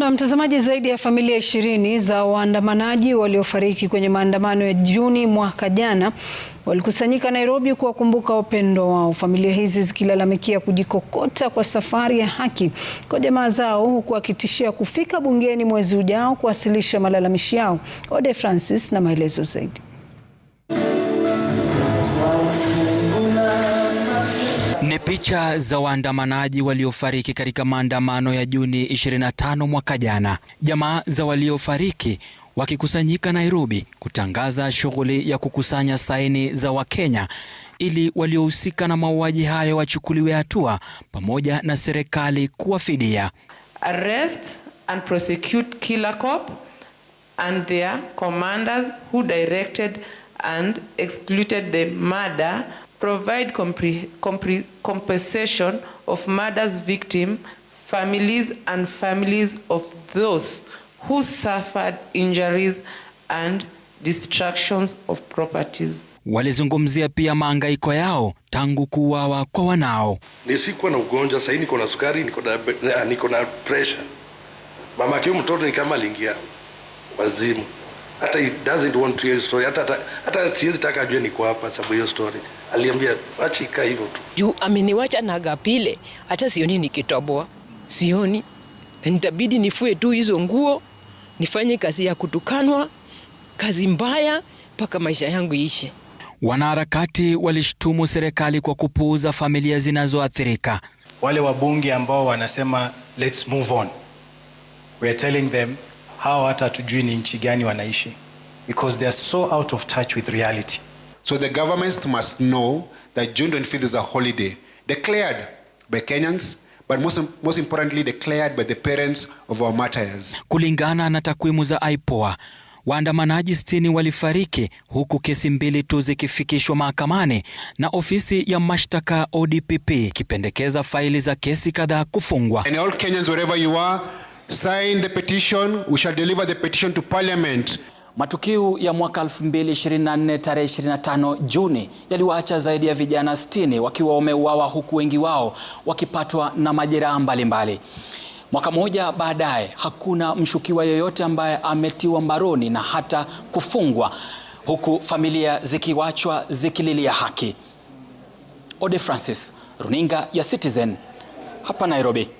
Na mtazamaji, zaidi ya familia ishirini za waandamanaji waliofariki kwenye maandamano ya Juni mwaka jana walikusanyika Nairobi kuwakumbuka wapendwa wao, familia hizi zikilalamikia kujikokota kwa safari ya haki kwa jamaa zao, huku akitishia kufika bungeni mwezi ujao kuwasilisha malalamishi yao. Ode Francis na maelezo zaidi. Ni picha za waandamanaji waliofariki katika maandamano ya Juni 25 mwaka jana. Jamaa za waliofariki wakikusanyika Nairobi kutangaza shughuli ya kukusanya saini za Wakenya ili waliohusika na mauaji hayo wachukuliwe hatua pamoja na serikali kuwafidia. Arrest and prosecute killer cop and their commanders who directed and executed the murder provide compensation of murders victim families and families of those who suffered injuries and destructions of properties. Walizungumzia pia mahangaiko yao tangu kuuawa kwa wanao. Nisikuwa na ugonjwa sahii, niko na sukari, niko na niko na pressure. Mama akiwa mtoto ni kama aliingia wazimu hata he doesn't want to hear story, hata hata siwezi taka ajue niko hapa sababu hiyo story. Aliambia acha ikae hivyo tu, juu ameniwacha na gapile, hata sioni nikitoboa, sioni na nitabidi nifue tu hizo nguo, nifanye kazi ya kutukanwa, kazi mbaya mpaka maisha yangu ishe Wanaharakati walishtumu serikali kwa kupuuza familia zinazoathirika. Wale wabunge ambao wanasema let's move on, we are telling them hawa hata hatujui ni nchi gani wanaishi because they are so out of touch with reality. So the governments must know that June 25th is a holiday declared by Kenyans but most, most importantly declared by the parents of our martyrs. Kulingana na takwimu za IPOA waandamanaji 60 walifariki huku kesi mbili tu zikifikishwa mahakamani na ofisi ya mashtaka ODPP ikipendekeza faili za kesi kadhaa kufungwa. And all Kenyans wherever you are sign the petition, we shall deliver the petition to parliament. Matukio ya mwaka 2024 tarehe 25 Juni yaliwaacha zaidi ya vijana 60 wakiwa wameuawa huku wengi wao wakipatwa na majeraha mbalimbali. Mwaka mmoja baadaye hakuna mshukiwa yoyote ambaye ametiwa mbaroni na hata kufungwa huku familia zikiwachwa zikililia haki. Ode Francis, Runinga ya Citizen hapa Nairobi.